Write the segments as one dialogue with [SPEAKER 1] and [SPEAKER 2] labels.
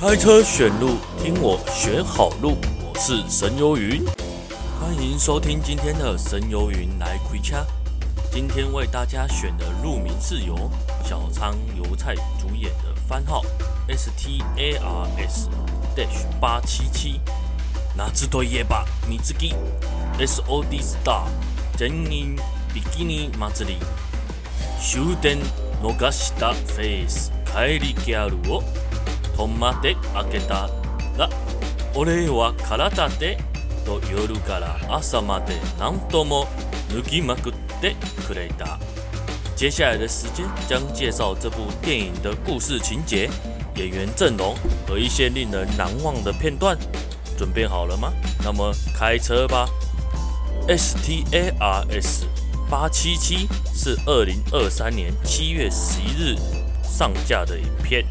[SPEAKER 1] 開車選路，聽我選好路。我是神遊雲，歡迎收聽今天的神遊雲來開車。今天為大家選的路名是由小倉由菜主演的番號 S T A R S dash 八七七。夏といえば水着 S O D star 全員ビキニ祭。終電逃したフェス帰りギャルを。接下來的時間將介紹這部電影的故事情節、演員陣容和一些令人難忘的片段。準備好了嗎？那麼開車吧。STARS 八七七是二零二三年七月十一日上架的影片。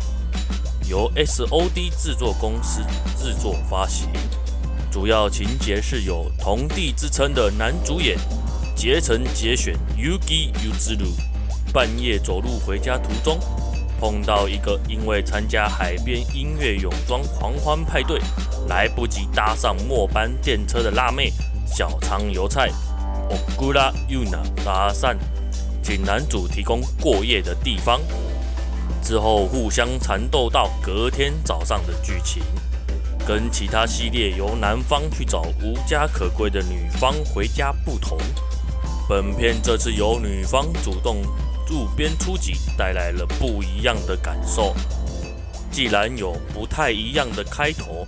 [SPEAKER 1] 由 S.O.D 製作公司製作發行，主要情節是有“童帝”之稱的男主演，結城結弦 Yuki Yuzuru，半夜走路回家途中，碰到一個因為參加海邊音樂泳裝狂歡派對，來不及搭上末班電車的辣妹小倉由菜 Okura Yuna 搭訕，請男主提供過夜的地方。之後互相纏鬥到隔天早上的劇情，跟其他系列由男方去找無家可歸的女方回家不同，本片這次由女方主動路邊出擊，帶來了不一樣的感受。既然有不太一樣的開頭，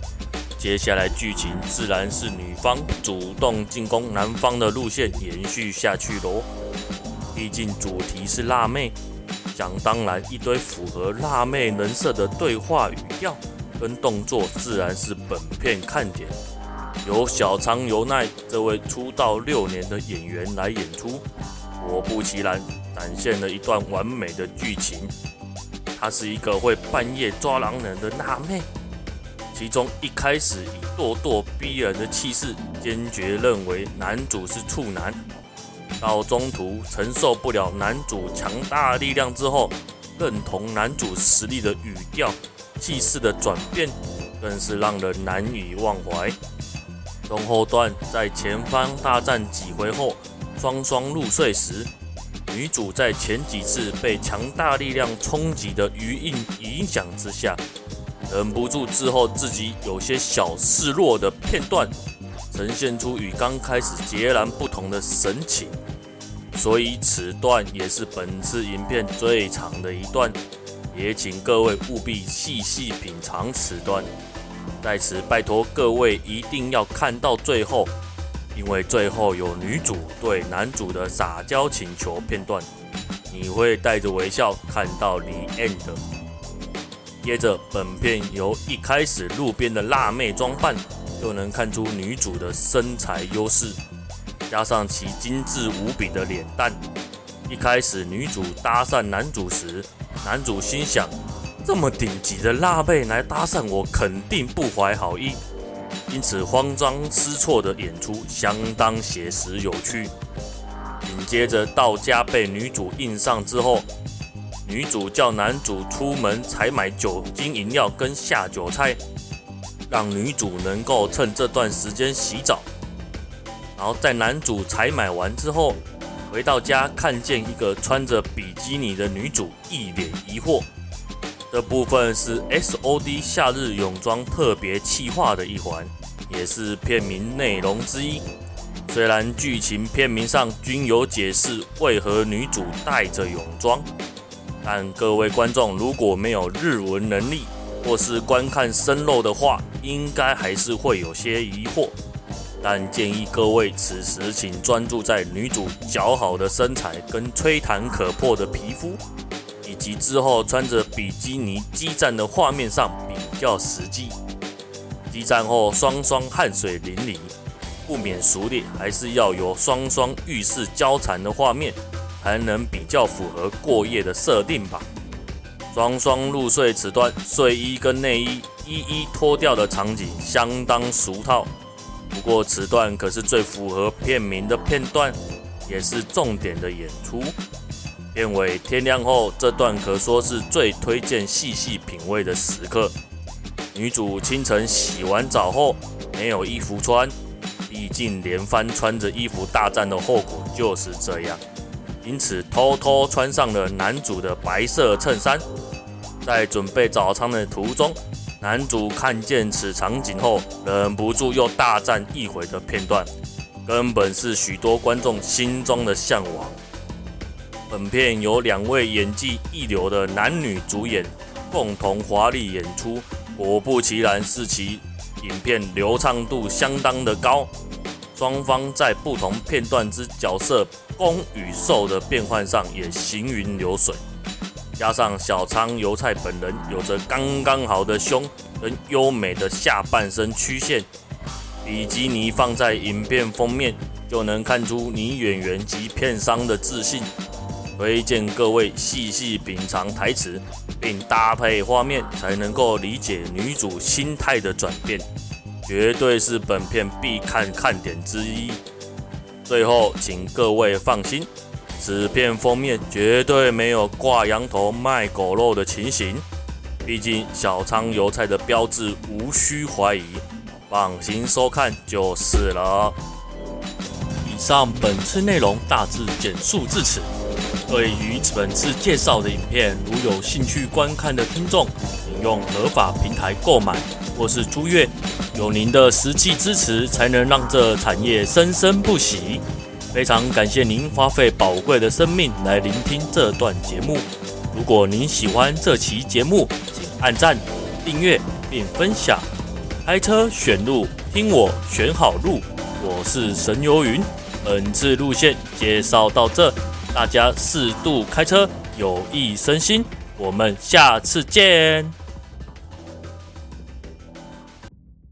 [SPEAKER 1] 接下來劇情自然是女方主動進攻男方的路線延續下去嘍。畢竟主題是辣妹。想當然，一堆符合辣妹人設的對話語調跟動作，自然是本片看點。由小倉由菜這位出道六年的演員來演出，果不其然，展現了一段完美的劇情。她是一個會半夜抓狼人的辣妹，其中一開始以咄咄逼人的氣勢，堅決認為男主是處男。到中途承受不了男主強大力量之後，認同男主實力的語調、氣勢的轉變，更是讓人難以忘懷。中後段在前方大戰幾回後，雙雙入睡時，女主在前幾次被強大力量衝擊的餘韻影響之下，忍不住之後自己有些小示弱的片段。呈現出與剛開始截然不同的神情，所以此段也是本次影片最長的一段，也請各位務必細細品嘗此段。在此拜託各位一定要看到最後，因為最後有女主對男主的撒嬌請求片段，你會帶着微笑看到 the end。接着，本片由一開始路邊的辣妹裝扮。又能看出女主的身材優勢，加上其精緻無比的臉蛋。一開始女主搭訕男主時，男主心想：這麼頂級的辣妹來搭訕我，肯定不懷好意。因此慌張失措的演出相當寫實有趣。緊接着到家被女主硬上之後，女主叫男主出門採買酒精飲料跟下酒菜。讓女主能夠趁這段時間洗澡，然後在男主採買完之後回到家，看見一個穿着比基尼的女主，一臉疑惑。這部分是 S.O.D 夏日泳裝特別企劃的一環，也是片名內容之一。雖然劇情片名上均有解釋為何女主帶着泳裝，但各位觀眾如果沒有日文能力或是觀看生肉的話，應該還是會有些疑惑，但建議各位此時請專注在女主姣好的身材跟吹彈可破的皮膚，以及之後穿着比基尼激戰的畫面上比較實際。激戰後雙雙汗水淋漓，不免熟練還是要有雙雙浴室交纏的畫面，還能比較符合過夜的設定吧。雙雙入睡，此段睡衣跟內衣一一脫掉的場景相當俗套，不過此段可是最符合片名的片段，也是重點的演出。片尾天亮後，這段可說是最推薦細細品味的時刻。女主清晨洗完澡後沒有衣服穿，畢竟連番穿着衣服大戰的後果就是這樣。因此，偷偷穿上了男主的白色襯衫。在準備早餐的途中，男主看見此場景後，忍不住又大戰一回的片段，根本是許多觀眾心中的向往。本片由兩位演技一流的男女主演共同華麗演出，果不其然，是其影片流暢度相當的高。雙方在不同片段之角色。攻與受的變換上也行雲流水，加上小倉由菜本人有着剛剛好的胸跟優美的下半身曲線，比基尼放在影片封面就能看出女演員及片商的自信。推薦各位細細品嘗台詞，並搭配畫面，才能夠理解女主心態的轉變，絕對是本片必看看點之一。最後，請各位放心，此片封面絕對沒有掛羊頭賣狗肉的情形。畢竟小倉由菜的標誌無需懷疑，放心收看就是了。以上本次內容大致簡述至此。對於本次介紹的影片，如有興趣觀看的聽眾，請用合法平台購買。或是朱月，有您的實際支持，才能讓這產業生生不息。非常感謝您花費寶貴的生命來聆聽這段節目。如果您喜歡這期節目，請按讚、訂閱並分享。開車選路，聽我選好路。我是神游雲，本次路線介紹到這，大家適度開車，有益身心。我們下次見。